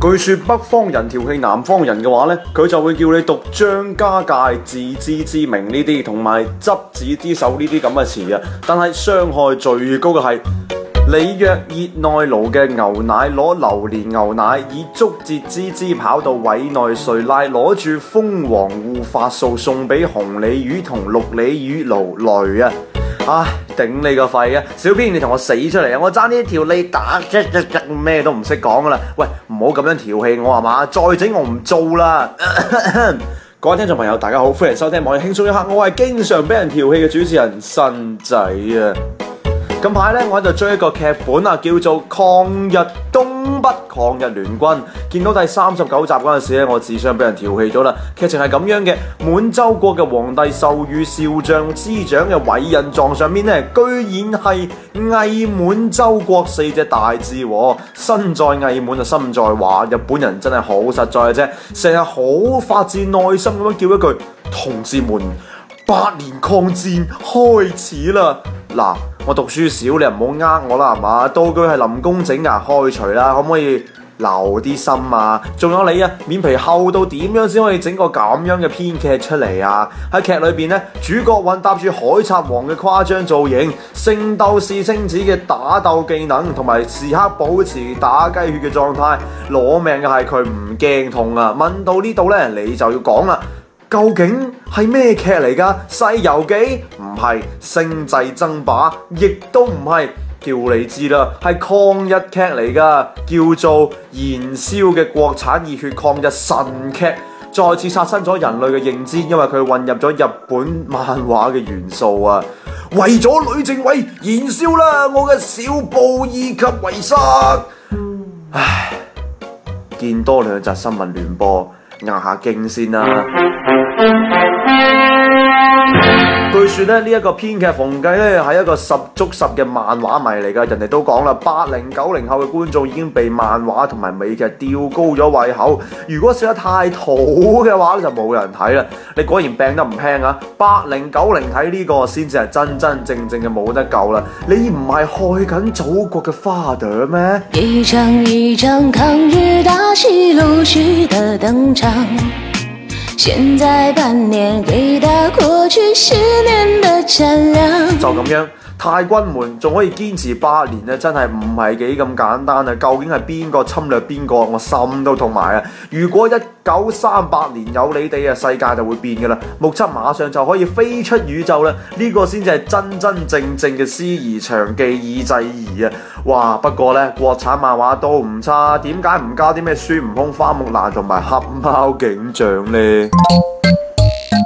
據說北方人調戲南方人嘅話呢佢就會叫你讀張家界自知之明呢啲，同埋執子之手呢啲咁嘅詞啊。但係傷害最高嘅係里約熱內盧嘅牛奶攞榴蓮牛奶，以竹節之之跑到委內瑞拉攞住蜂王護髮素送俾紅鯉魚同綠鯉魚勞累啊！啊！頂你個肺啊！小編你同我死出嚟啊！我爭呢一條你打一一咩都唔識講噶啦！喂，唔好咁樣調戲我係嘛？再整我唔做啦！各位聽眾朋友，大家好，歡迎收聽《網易輕鬆一刻》，我係經常俾人調戲嘅主持人新仔啊！近排呢，我就追一個劇本啊，叫做《抗日東北抗日聯軍》。見到第三十九集嗰陣時咧，我智商俾人調戲咗啦。劇情係咁樣嘅，滿洲國嘅皇帝授予少將師長嘅委任狀上面咧，居然係偽滿洲國四隻大字，身在偽滿就心在華。日本人真係好實在嘅啫，成日好發自內心咁樣叫一句：，同志們，八年抗戰開始啦！嗱。我讀書少，你唔好呃我啦，係嘛？道具係林工整噶，開除啦，可唔可以留啲心啊？仲有你啊，面皮厚到點樣先可以整個咁樣嘅編劇出嚟啊？喺劇裏邊咧，主角混搭住海賊王嘅誇張造型，聖鬥士星矢嘅打鬥技能，同埋時刻保持打雞血嘅狀態，攞命嘅係佢唔驚痛啊！問到呢度咧，你就要講啦。究竟係咩劇嚟噶？《西遊記》唔係，《星際爭霸》亦都唔係，叫你知啦，係抗日劇嚟噶，叫做《燃燒》嘅國產熱血抗日神劇，再次刷新咗人類嘅認知，因為佢混入咗日本漫畫嘅元素啊！為咗女政委，燃燒啦我嘅小布以及遺失，唉，見多兩集新聞聯播，壓下驚先啦。說、這個、呢一個編劇馮驥咧係一個十足十嘅漫畫迷嚟噶。人哋都講啦，八零九零後嘅觀眾已經被漫畫同埋美劇吊高咗胃口，如果笑得太土嘅話咧就冇人睇啦。你果然病得唔輕啊！八零九零睇呢個先至係真真正正嘅冇得救啦！你唔係害緊祖國嘅花朵咩？一張一張抗日大戲陸續的登場。現在半年，給他過去十年的產量。太君們仲可以堅持八年呢？真係唔係幾咁簡單啊！究竟係邊個侵略邊個，我心都痛埋啊！如果一九三八年有你哋啊，世界就會變噶啦，目測馬上就可以飛出宇宙啦！呢個先至係真真正正嘅師夷長技以制夷啊！哇！不過呢，國產漫畫都唔差，點解唔加啲咩孫悟空、花木蘭同埋黑貓警長呢？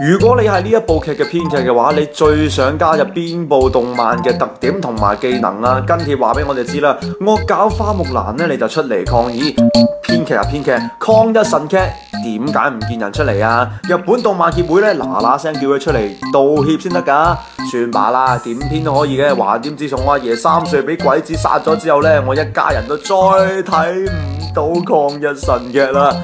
如果你係呢部劇嘅編劇嘅話，你最想加入邊部動漫嘅特點同埋技能啊？跟住話俾我哋知啦，我搞花木蘭咧，你就出嚟抗議。編劇啊編劇，抗日神劇點解唔見人出嚟啊？日本動漫協會咧，嗱嗱聲叫佢出嚟道歉先得噶，算罷啦，點編都可以嘅。話點自從阿爺三歲俾鬼子殺咗之後咧，我一家人都再睇唔到抗日神劇啦。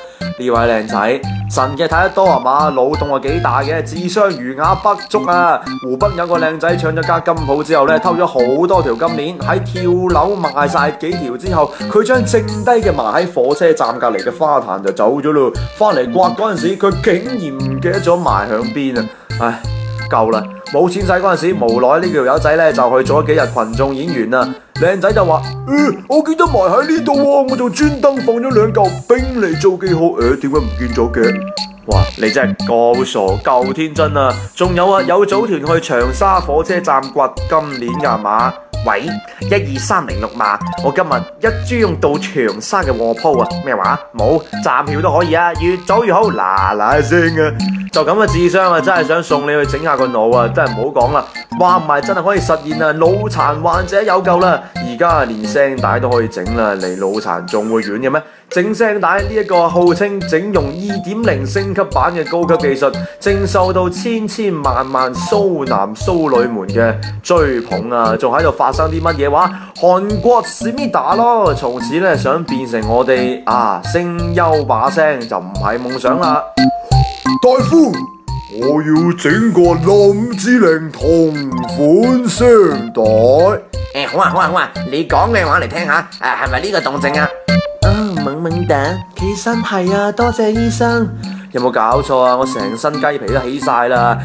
呢位靚仔，神劇睇得多係啊嘛，腦洞啊幾大嘅，智商餘額不足啊！湖北有個靚仔搶咗家金鋪之後咧，偷咗好多條金鏈，喺跳樓賣晒幾條之後，佢將剩低嘅埋喺火車站隔籬嘅花壇就走咗咯，翻嚟刮嗰陣時，佢竟然唔記得咗埋響邊啊！唉，夠啦，冇錢使嗰陣時，無奈呢條友仔咧就去咗幾日群眾演員啦。靚仔就話、欸：，我記得埋喺呢度，我仲專登放咗兩嚿冰嚟做記號。誒、呃，點解唔見咗嘅？哇，你真係夠傻夠天真啊！仲有啊，有組團去長沙火車站掘今年㗎嘛。喂，一二三零六嘛，我今日一張到長沙嘅臥鋪啊，咩話？冇，站票都可以啊，越早越好，嗱嗱聲啊！就咁嘅智商啊，真係想送你去整下個腦啊，真係唔好講啦。話唔埋真係可以實現啊，腦殘患者有救啦，而家啊，連聲帶都可以整啦啊，離腦殘仲會遠嘅咩？整聲帶呢一個號稱整容二點零升級版嘅高級技術，正受到千千萬萬蘇男蘇女們嘅追捧啊！仲喺度發生啲乜嘢話？韓國史密 i t a 咯，從此咧，想變成我哋啊聲優把聲就唔係夢想啦！大夫，我要整個林志玲同款聲帶、欸。好啊，好啊，好啊，你講嘅話嚟聽下，誒、啊，係咪呢個動靜啊？啊起身，係啊，多謝醫生。有冇搞錯啊？我成身雞皮都起晒啦，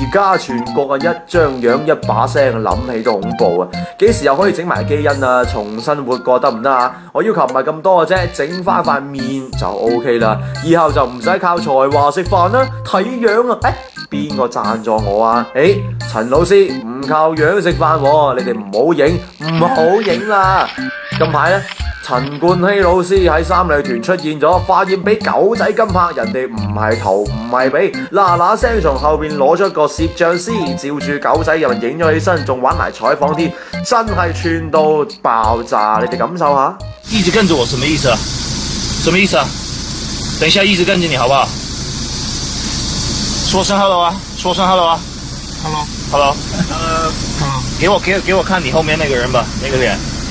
而家全國啊一張樣一把聲，諗起都恐怖啊！幾時又可以整埋基因啊？重新活過得唔得啊？我要求唔係咁多嘅啫，整翻塊面就 OK 啦，以後就唔使靠才華食飯啦，睇樣啊！誒，邊個贊助我啊？誒，陳老師唔靠樣食飯，你哋唔好影，唔好影啦！近排咧。陳冠希老師喺三里屯出現咗，發現俾狗仔跟拍，人哋唔係頭唔係尾，嗱嗱聲從後邊攞咗個攝像師，照住狗仔又影咗起身，仲玩埋採訪添，真係串到爆炸，你哋感受下。一直跟住我，什麼意思啊？什麼意思啊？等一下一直跟住你好不好？說聲 hello 啊！說聲 hello 啊！Hello，hello，hello，hello。給我給給我看你後面那個人吧，那個臉。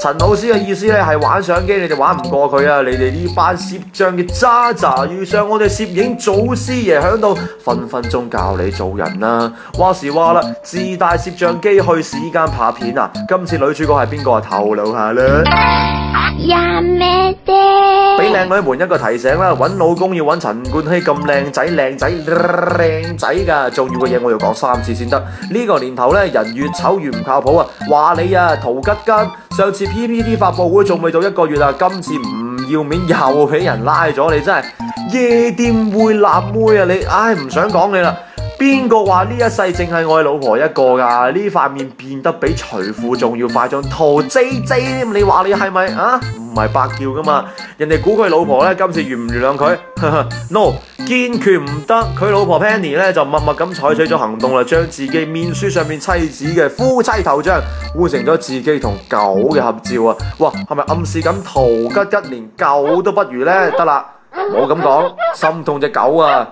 陳老師嘅意思咧，係玩相機，你就玩唔過佢啊！你哋呢班攝像嘅渣渣遇上我哋攝影祖師爺，響度分分鐘教你做人啊。話時話啦，自帶攝像機去試衣間拍片啊！今次女主角係邊個啊？透露下啦。俾靚女們一個提醒啦，搵老公要搵陳冠希咁靚仔、靚仔、靚仔噶。重要嘅嘢我要講三次先得。呢、這個年頭呢，人越醜越唔靠譜啊！話你啊，陶吉吉。上次 PPT 發布會仲未到一個月啊，今次唔要面又俾人拉咗，你真係夜店會辣妹啊！你，唉，唔想講你啦。邊個話呢一世淨係愛老婆一個噶？呢塊面變得比除褲仲要誇張，陶 J J，你話你係咪啊？唔係白叫噶嘛？人哋估佢老婆咧，今次原唔原諒佢 ？No，呵呵堅決唔得。佢老婆 Penny 咧就默默咁採取咗行動啦，將自己面書上面妻子嘅夫妻頭像，換成咗自己同狗嘅合照啊！哇，係咪暗示緊陶吉吉連狗都不如咧？得啦，冇咁講，心痛隻狗啊！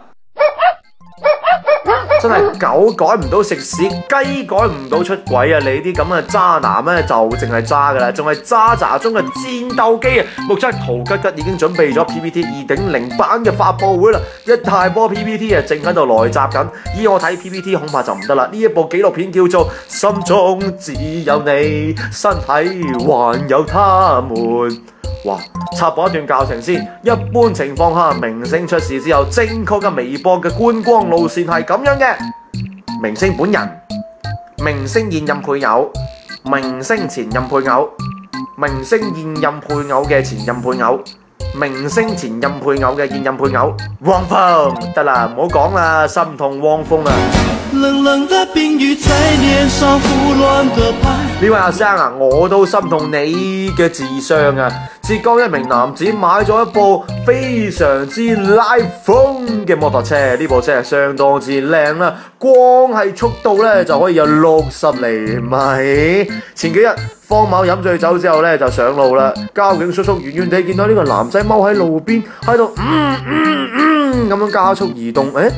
真係狗改唔到食屎，雞改唔到出軌啊！你啲咁嘅渣男咧就淨係渣噶啦，仲係渣渣中嘅戰鬥機啊！目測陶吉吉已經準備咗 PPT 二點零版嘅發布會啦，一大波 PPT 啊，正喺度來襲緊。依我睇 PPT 恐怕就唔得啦，呢一部紀錄片叫做《心中只有你，身體還有他們》。哇！插播一段教程先。一般情況下，明星出事之後，正確嘅微博嘅觀光路線係咁樣嘅：明星本人、明星現任配偶、明星前任配偶、明星現任配偶嘅前任配偶、明星前任配偶嘅現任配偶。汪峰，得啦，唔好講啦，心痛汪峰啊！冷冷嘅冰雨在臉上胡亂嘅拍。呢位阿生啊，我都心痛你嘅智商啊！浙江一名男子買咗一部非常之拉風嘅摩托車，呢部車相當之靚啦，啊，光係速度咧，就可以有六十厘米。前幾日方某飲醉酒之後咧，就上路啦，交警叔叔遠遠地見到呢個男仔踎喺路邊，喺度嗯嗯嗯咁、嗯、樣加速移動，誒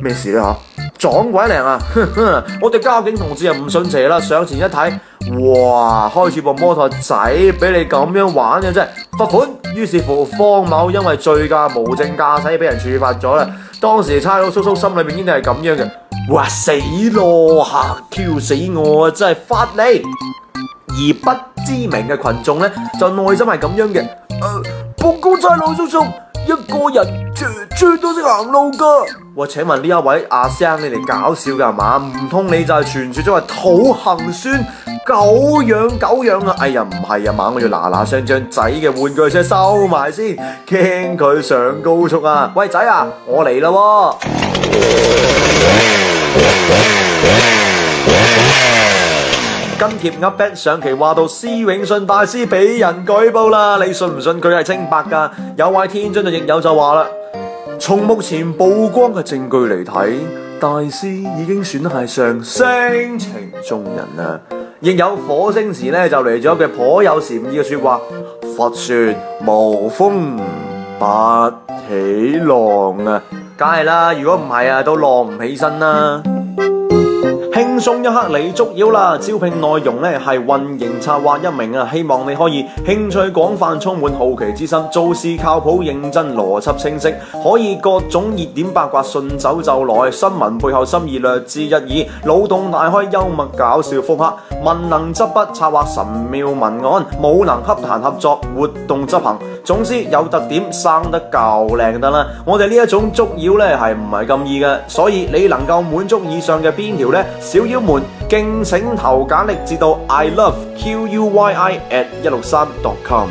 咩事啊？撞鬼嚟啊！呵呵我哋交警同志又唔信邪啦，上前一睇，哇，開住部摩托仔俾你咁樣玩嘅真係罰款。於是乎，方某因為醉駕無證駕駛俾人處罰咗啦。當時差佬叔叔心裏面應該係咁樣嘅，哇死咯吓，q 死我啊！真係罰你。而不知名嘅群眾咧，就內心係咁樣嘅，報告差佬叔叔一個人。最多識行路噶，我請問呢一位阿、啊、生，你哋搞笑噶係嘛？唔通你就係傳說中係土行孫狗養狗養啊？哎呀，唔係啊嘛，我要嗱嗱聲將仔嘅玩具車收埋先，驚佢上高速啊！喂仔啊，我嚟啦喎。跟貼 update 上期話到，施永信大師俾人舉報啦，你信唔信佢係清白噶？有位天津嘅亦有就話啦。從目前曝光嘅證據嚟睇，大師已經算係上聲情中人啦。亦有火星時咧，就嚟咗一句頗有禪意嘅說話：佛說無風不起浪啊，梗係啦，如果唔係啊，都浪唔起身啦。輕鬆一刻你捉妖啦！招聘內容呢係運營策劃一名啊，希望你可以興趣廣泛，充滿好奇之心，做事靠譜、認真、邏輯清晰，可以各種熱點八卦順手就來，新聞背後心意略知一二，腦洞大開、幽默搞笑風格，文能執筆策劃神妙文案，武能洽談合作、活動執行。總之有特點、生得夠靚得啦！我哋呢一種捉妖呢，係唔係咁易嘅，所以你能夠滿足以上嘅邊條？邊小妖們敬請投簡歷至到 i love q u y i at 163.com，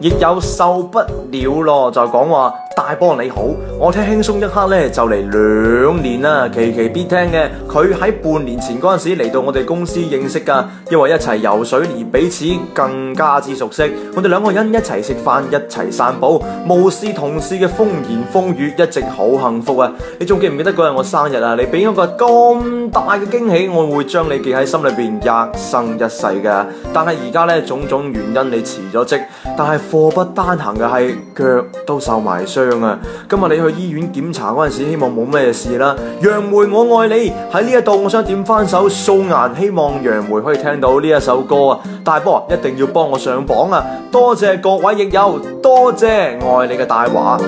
亦有受不了咯，就講話。大波你好，我聽輕鬆一刻咧就嚟兩年啦，期期必聽嘅。佢喺半年前陣時嚟到我哋公司認識噶，因為一齊游水而彼此更加之熟悉。我哋兩個人一齊食飯，一齊散步，無視同事嘅風言風語，一直好幸福啊！你仲記唔記得嗰日我生日啊？你俾我個咁大嘅驚喜，我會將你記喺心裏邊一生一世噶。但係而家咧種種原因你辭咗職，但係禍不單行嘅係腳都受埋傷。啊！今日你去醫院檢查嗰陣時，希望冇咩事啦。楊梅，我愛你喺呢一度，我想點翻首《素顏》，希望楊梅可以聽到呢一首歌啊！大波一定要幫我上榜啊！多謝各位益友，多謝愛你嘅大話。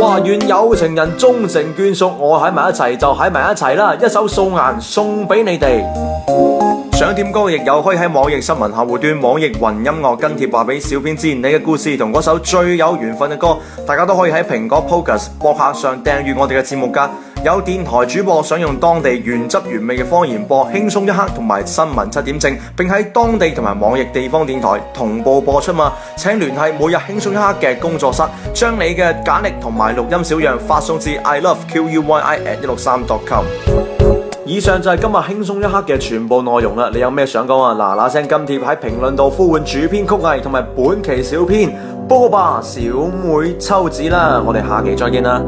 哇！願有情人終成眷屬，我喺埋一齊就喺埋一齊啦！一首素顏《素顏》送俾你哋。想點歌亦有，可以喺網易新聞客戶端、網易雲音樂跟帖話俾小編知，你嘅故事同嗰首最有緣分嘅歌，大家都可以喺蘋果 Podcast 博客上訂閱我哋嘅節目㗎。有電台主播想用當地原汁原味嘅方言播《輕鬆一刻》同埋《新聞七點正》，並喺當地同埋網易地方電台同步播出嘛？請聯繫每日輕鬆一刻嘅工作室，將你嘅簡歷同埋錄音小樣發送至 i love q u y i at 一六三 dot com。以上就係今日輕鬆一刻嘅全部內容啦！你有咩想講啊？嗱嗱聲跟貼喺評論度呼喚主編曲藝同埋本期小編波霸小妹秋子啦！我哋下期再見啦！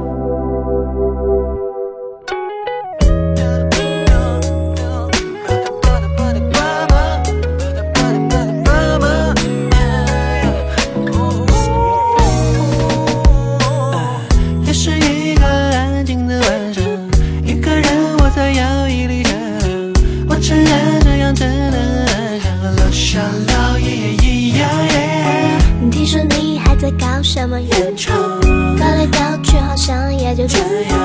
這樣。